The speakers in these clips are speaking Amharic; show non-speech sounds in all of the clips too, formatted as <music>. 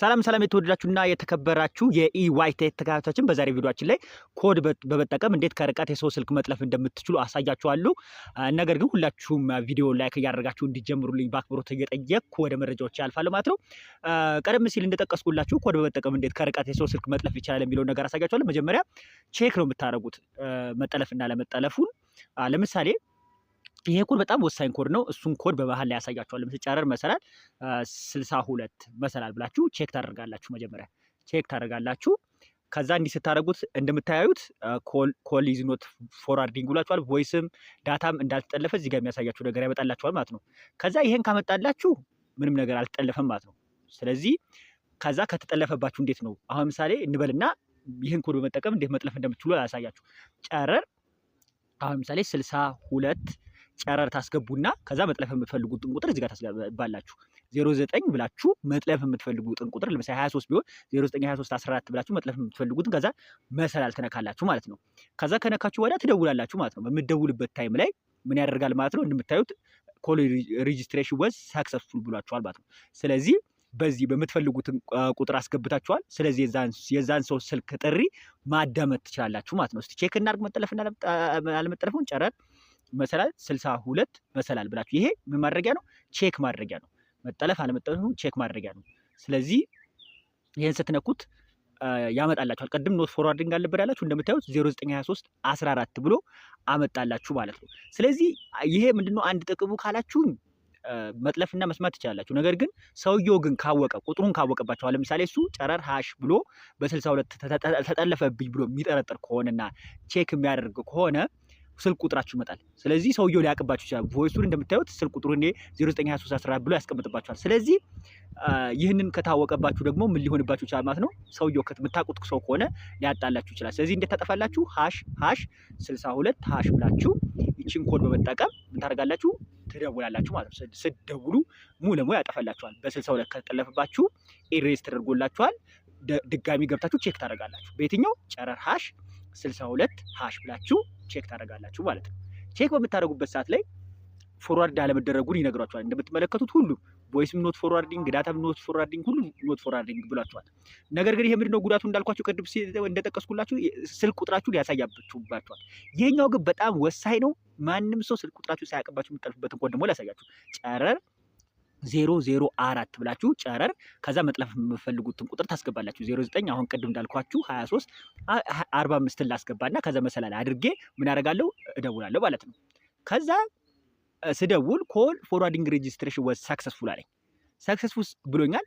ሰላም ሰላም የተወደዳችሁና የተከበራችሁ የኢዋይቴ ቴክ በዛሬ ቪዲዮአችን ላይ ኮድ በመጠቀም እንዴት ከርቀት የሰው ስልክ መጥለፍ እንደምትችሉ አሳያችኋለሁ። ነገር ግን ሁላችሁም ቪዲዮ ላይክ እያደረጋችሁ እንዲጀምሩልኝ በአክብሮት እየጠየቅኩ ወደ መረጃዎች ያልፋለሁ ማለት ነው። ቀደም ሲል እንደጠቀስኩላችሁ ኮድ በመጠቀም እንዴት ከርቀት የሰው ስልክ መጥለፍ ይቻላል የሚለውን ነገር አሳያችኋለሁ። መጀመሪያ ቼክ ነው የምታደርጉት መጠለፍና ለመጠለፉን ለምሳሌ ይሄ ኮድ በጣም ወሳኝ ኮድ ነው። እሱን ኮድ በመሀል ላይ ያሳያችኋለሁ። ስጨረር መሰላል ስልሳ ሁለት መሰላል ብላችሁ ቼክ ታደርጋላችሁ። መጀመሪያ ቼክ ታደርጋላችሁ። ከዛ እንዲህ ስታደርጉት እንደምታያዩት ኮል ኢዝ ኖት ፎርዋርዲንግ ብሏችኋል። ቮይስም ዳታም እንዳልተጠለፈ እዚህ ጋር የሚያሳያችሁ ነገር ያመጣላችኋል ማለት ነው። ከዛ ይሄን ካመጣላችሁ ምንም ነገር አልተጠለፈም ማለት ነው። ስለዚህ ከዛ ከተጠለፈባችሁ እንዴት ነው አሁን ምሳሌ እንበልና ይህን ኮድ በመጠቀም እንዴት መጥለፍ እንደምትችሉ ያሳያችሁ። ጨረር አሁን ምሳሌ ስልሳ ሁለት ጨረር ታስገቡና ከዛ መጥለፍ የምትፈልጉትን ቁጥር እዚጋ ጋር ታስገባላችሁ። 09 ብላችሁ መጥለፍ የምትፈልጉትን ቁጥር ለምሳሌ 23 ቢሆን 09 23 14 ብላችሁ መጥለፍ የምትፈልጉትን ከዛ መሰላል ትነካላችሁ ማለት ነው። ከዛ ከነካችሁ ወዲያ ትደውላላችሁ ማለት ነው። በምትደውልበት ታይም ላይ ምን ያደርጋል ማለት ነው። እንደምታዩት ኮል ሬጅስትሬሽን ወዝ ሳክሰስፉል ብሏችኋል ማለት ነው። ስለዚህ በዚህ በምትፈልጉትን ቁጥር አስገብታችኋል። ስለዚህ የዛን ሰው ስልክ ጥሪ ማዳመጥ ትችላላችሁ ማለት ነው። እስቲ ቼክ እናድርግ መጠለፍና አለመጠለፉን ጨረር መሰላል 62 መሰላል ብላችሁ ይሄ ምን ማድረጊያ ነው? ቼክ ማድረጊያ ነው። መጠለፍ አለመጠለፍ ቼክ ማድረጊያ ነው። ስለዚህ ይህን ስትነኩት ያመጣላችኋል። ቅድም ኖት ፎርዋርዲንግ አልነበር ያላችሁ እንደምታዩት 0923 14 ብሎ አመጣላችሁ ማለት ነው። ስለዚህ ይሄ ምንድነው አንድ ጥቅሙ ካላችሁ መጥለፍና መስማት ትችላላችሁ። ነገር ግን ሰውየው ግን ካወቀ ቁጥሩን ካወቀባቸው ለምሳሌ እሱ ጨረር ሀሽ ብሎ በ62 ተጠለፈብኝ ብሎ የሚጠረጥር ከሆነና ቼክ የሚያደርግ ከሆነ ስልክ ቁጥራችሁ ይመጣል። ስለዚህ ሰውየው ሊያቅባችሁ ይችላል። ቮይሱን እንደምታዩት ስልክ ቁጥሩ እኔ 0923 ብሎ ያስቀምጥባችኋል። ስለዚህ ይህንን ከታወቀባችሁ ደግሞ ምን ሊሆንባችሁ ይችላል ማለት ነው። ሰውየው የምታውቁት ሰው ከሆነ ሊያጣላችሁ ይችላል። ስለዚህ እንዴት ታጠፋላችሁ? ሀሽ ሀሽ 62 ሀሽ ብላችሁ ይችን ኮድ በመጠቀም ምን ታደርጋላችሁ? ትደውላላችሁ ማለት ነው። ስትደውሉ ሙሉ ለሙሉ ያጠፋላችኋል። በ62 ከተጠለፈባችሁ ኤሬዝ ተደርጎላችኋል። ድጋሚ ገብታችሁ ቼክ ታደርጋላችሁ። በየትኛው ጨረር ሀሽ 62 ሀሽ ብላችሁ ቼክ ታደርጋላችሁ ማለት ነው። ቼክ በምታደርጉበት ሰዓት ላይ ፎርዋርድ አለመደረጉን ይነግሯቸዋል። እንደምትመለከቱት ሁሉ ቮይስም ኖት ፎርዋርዲንግ፣ ዳታም ኖት ፎርዋርዲንግ፣ ሁሉ ኖት ፎርዋርዲንግ ብሏቸዋል። ነገር ግን ይሄ ምንድነው ጉዳቱ? እንዳልኳቸው ቅድም እንደጠቀስኩላችሁ ስልክ ቁጥራችሁ ሊያሳያችሁባቸዋል። ይሄኛው ግን በጣም ወሳኝ ነው። ማንም ሰው ስልክ ቁጥራችሁ ሳያውቅባችሁ የምጠልፉበትን ኮድ ደግሞ ላሳያችሁ ጨረር ዜሮ ዜሮ አራት ብላችሁ ጨረር ከዛ መጥለፍ የምፈልጉትን ቁጥር ታስገባላችሁ። ዜሮ ዘጠኝ አሁን ቅድም እንዳልኳችሁ ሀያ ሶስት አርባ አምስትን ላስገባና ከዛ መሰላል አድርጌ ምን አደርጋለሁ እደውላለሁ ማለት ነው። ከዛ ስደውል ኮል ፎርዋርዲንግ ሬጅስትሬሽን ወዝ ሳክሰስፉል አለኝ። ሰክሰስፉል ብሎኛል።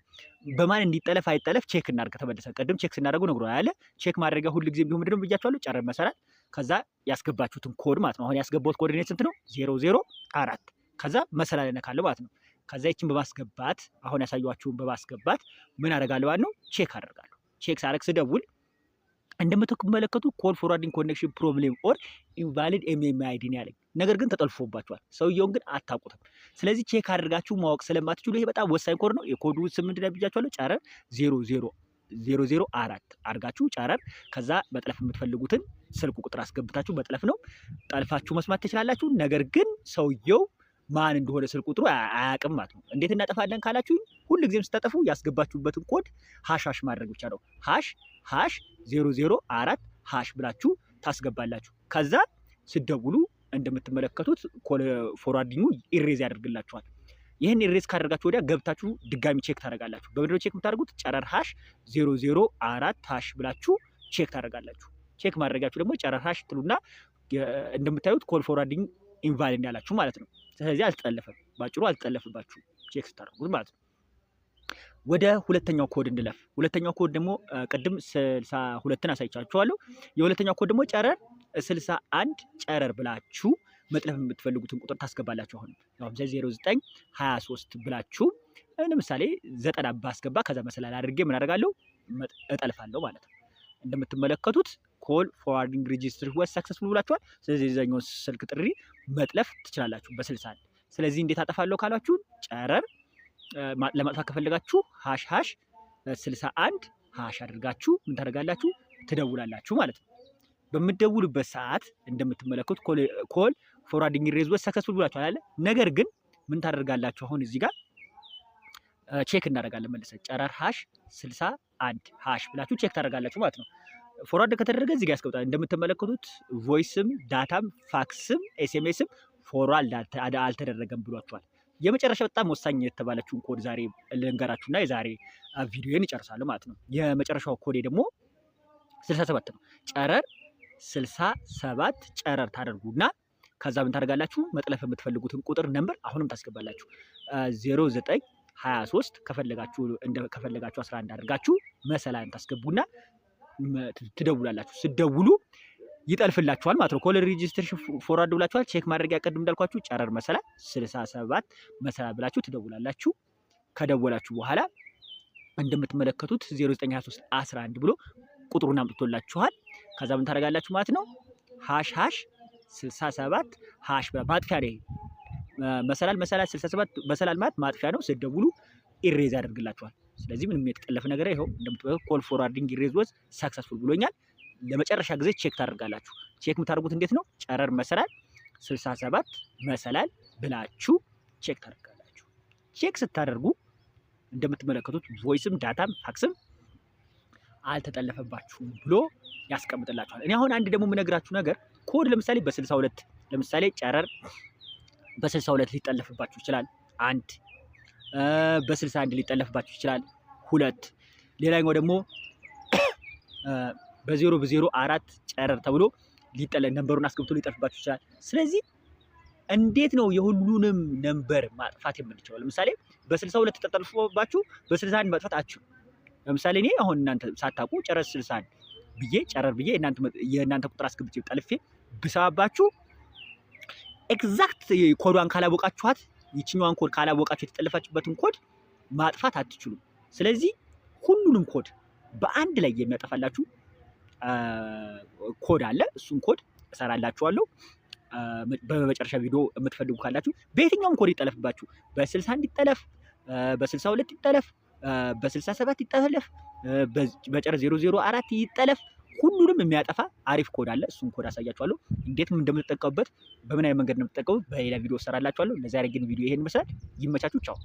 በማን እንዲጠለፍ አይጠለፍ ቼክ እናድርግ። ተመልሰ ቅድም ቼክ ስናደርገው ነግሮ ያለ ቼክ ማድረጊያ ሁል ጊዜ ቢሆን ምድነው ብያቸዋለሁ። ጨረር መሰላል ከዛ ያስገባችሁትን ኮድ ማለት ነው። አሁን ያስገባሁት ኮኦርዲኔት ስንት ነው? ዜሮ ዜሮ አራት ከዛ መሰላል እነካለሁ ማለት ነው። ከዛ ይችን በማስገባት አሁን ያሳያችሁን በማስገባት ምን አደርጋለሁ ማለት ነው ቼክ አደርጋለሁ። ቼክ ሳረግ ስደውል እንደምትመለከቱ ኮል ፎርዋርዲንግ ኮኔክሽን ፕሮብሌም ኦር ኢንቫሊድ ኤምኤምአይዲ ነው ያለኝ። ነገር ግን ተጠልፎባቸዋል። ሰውየውን ግን አታውቁትም። ስለዚህ ቼክ አድርጋችሁ ማወቅ ስለማትችሉ ይሄ በጣም ወሳኝ ኮድ ነው። የኮዱ ስምንት ላይ ብያችኋለሁ። ጨረር ዜሮ ዜሮ ዜሮ ዜሮ አራት አድርጋችሁ ጨረር፣ ከዛ መጥለፍ የምትፈልጉትን ስልኩ ቁጥር አስገብታችሁ መጥለፍ ነው። ጠልፋችሁ መስማት ትችላላችሁ። ነገር ግን ሰውየው ማን እንደሆነ ስል ቁጥሩ አያውቅም ማለት ነው። እንዴት እናጠፋለን ካላችሁኝ ሁል ጊዜም ስታጠፉ ያስገባችሁበትን ኮድ ሀሽ ሀሽ ማድረግ ብቻ ነው። ሀሽ ሀሽ ዜሮ ዜሮ አራት ሀሽ ብላችሁ ታስገባላችሁ። ከዛ ስደውሉ እንደምትመለከቱት ፎርዋርዲንጉ ኢሬዝ ያደርግላችኋል። ይህን ኢሬዝ ካደረጋችሁ ወዲያ ገብታችሁ ድጋሚ ቼክ ታደርጋላችሁ። በምንድነው ቼክ የምታደርጉት? ጨረር ሀሽ ዜሮ ዜሮ አራት ሀሽ ብላችሁ ቼክ ታደርጋላችሁ። ቼክ ማድረጋችሁ ደግሞ ጨረር ሀሽ ትሉና እንደምታዩት ኮል ፎርዋርዲንግ ኢንቫሊድ ያላችሁ ማለት ነው። ስለዚህ አልተጠለፈም። ባጭሩ አልተጠለፈባችሁም ቼክ ስታደርጉት ማለት ነው። ወደ ሁለተኛው ኮድ እንለፍ። ሁለተኛው ኮድ ደግሞ ቅድም ስልሳ ሁለትን አሳይቻችኋለሁ። የሁለተኛው ኮድ ደግሞ ጨረር ስልሳ አንድ ጨረር ብላችሁ መጥለፍ የምትፈልጉትን ቁጥር ታስገባላችሁ። አሁን ለምሳሌ ዜሮ ዘጠኝ ሀያ ሶስት ብላችሁ ለምሳሌ ዘጠና ባስገባ ከዛ መሰላል አድርጌ ምን አደርጋለሁ እጠልፋለሁ ማለት ነው። እንደምትመለከቱት ኮል ፎርዋርዲንግ ሬጅስትር ወስ ሰክሰስፉል ብላችኋል። ስለዚህ የዛኛውን ስልክ ጥሪ መጥለፍ ትችላላችሁ በስልሳን። ስለዚህ እንዴት አጠፋለሁ ካላችሁ ጨረር ለማጥፋት ከፈለጋችሁ ሀሽ ሀሽ ስልሳ አንድ ሀሽ አድርጋችሁ ምን ታደርጋላችሁ? ትደውላላችሁ ማለት ነው። በምትደውሉበት ሰዓት እንደምትመለከቱት ኮል ፎርዋርዲንግ ሬዝ ወስ ሰክሰስፉል ብላችኋል አለ። ነገር ግን ምን ታደርጋላችሁ? አሁን እዚህ ጋር ቼክ እናደርጋለን መልሰን ጨረር ሀሽ ስልሳ አንድ ሀሽ ብላችሁ ቼክ ታደርጋላችሁ ማለት ነው። ፎርዋርድ ከተደረገ እዚጋ ጋር እንደምትመለከቱት ቮይስም፣ ዳታም፣ ፋክስም ኤስኤምኤስም ፎርዋርድ አልተደረገም ብሏቸዋል። የመጨረሻ በጣም ወሳኝ የተባለችውን ኮድ ዛሬ ልንገራችሁና የዛሬ ቪዲዮን ይጨርሳሉ ማለት ነው። የመጨረሻው ኮዴ ደግሞ 67 ነው። ጨረር 67 ጨረር ታደርጉና ከዛ ምን ታደርጋላችሁ? መጥለፍ የምትፈልጉትን ቁጥር ነምበር አሁንም ታስገባላችሁ 0923 ከፈለጋችሁ ከፈለጋችሁ 11 አድርጋችሁ መሰላን ታስገቡና ትደውላላችሁ። ስደውሉ ይጠልፍላችኋል ማለት ነው። ኮለር ሬጅስትሬሽን ፎርዋርድ ብላችኋል። ቼክ ማድረጊያ ቅድም እንዳልኳችሁ ጨረር መሰላል ስልሳ ሰባት መሰላል ብላችሁ ትደውላላችሁ። ከደወላችሁ በኋላ እንደምትመለከቱት 0923 11 ብሎ ቁጥሩን አምጥቶላችኋል። ከዛ ምን ታደርጋላችሁ ማለት ነው ሃሽ ሃሽ 67 ሃሽ ማጥፊያ ነው። መሰላል መሰላል 67 መሰላል ማለት ማጥፊያ ነው። ስደውሉ ኢሬዝ ያደርግላችኋል። ስለዚህ ምንም የተጠለፈ ነገር ይኸው እንደምትበቁ ኮል ፎርዋርዲንግ ሬዝ ወዝ ሳክሰስፉል ብሎኛል። ለመጨረሻ ጊዜ ቼክ ታደርጋላችሁ። ቼክ የምታደርጉት እንዴት ነው? ጨረር መሰላል 67 መሰላል ብላችሁ ቼክ ታደርጋላችሁ። ቼክ ስታደርጉ እንደምትመለከቱት ቮይስም ዳታም ፋክስም አልተጠለፈባችሁም ብሎ ያስቀምጥላችኋል። እኔ አሁን አንድ ደግሞ የምነግራችሁ ነገር ኮድ ለምሳሌ በ62 ለምሳሌ ጨረር በ62 ሊጠለፍባችሁ ይችላል አንድ በስልሳ አንድ ሊጠለፍባችሁ ይችላል ሁለት። ሌላኛው ደግሞ <coughs> በ በዜሮ አራት ጨረር ተብሎ ሊጠለ ነንበሩን አስገብቶ ሊጠልፍባችሁ ይችላል። ስለዚህ እንዴት ነው የሁሉንም ነንበር ማጥፋት የምንችለው? ለምሳሌ በ62 ተጠልፎባችሁ በ61 ማጥፋት አችሁ ለምሳሌ እኔ አሁን እናንተ ሳታውቁ ጨረር ስልሳ ብዬ ጨረር ብዬ የእናንተ ቁጥር አስገብቼ ጠልፌ ብሰባባችሁ ኤግዛክት ኮዷን ካላወቃችኋት ይችኛዋን ኮድ ካላወቃችሁ የተጠለፋችሁበትን ኮድ ማጥፋት አትችሉም። ስለዚህ ሁሉንም ኮድ በአንድ ላይ የሚያጠፋላችሁ ኮድ አለ። እሱን ኮድ እሰራላችኋለሁ በመጨረሻ ቪዲዮ የምትፈልጉ ካላችሁ። በየትኛውም ኮድ ይጠለፍባችሁ፣ በ61 ይጠለፍ፣ በ62 ይጠለፍ፣ በ67 ይጠለፍ፣ በጨረር 004 ይጠለፍ ሁሉንም የሚያጠፋ አሪፍ ኮድ አለ። እሱን ኮድ አሳያችኋለሁ፣ እንዴት እንደምትጠቀሙበት፣ በምን አይነት መንገድ እንደምትጠቀሙት በሌላ ቪዲዮ እሰራላችኋለሁ። ለዛሬ ግን ቪዲዮ ይሄን ይመስላል። ይመቻችሁ። ቻው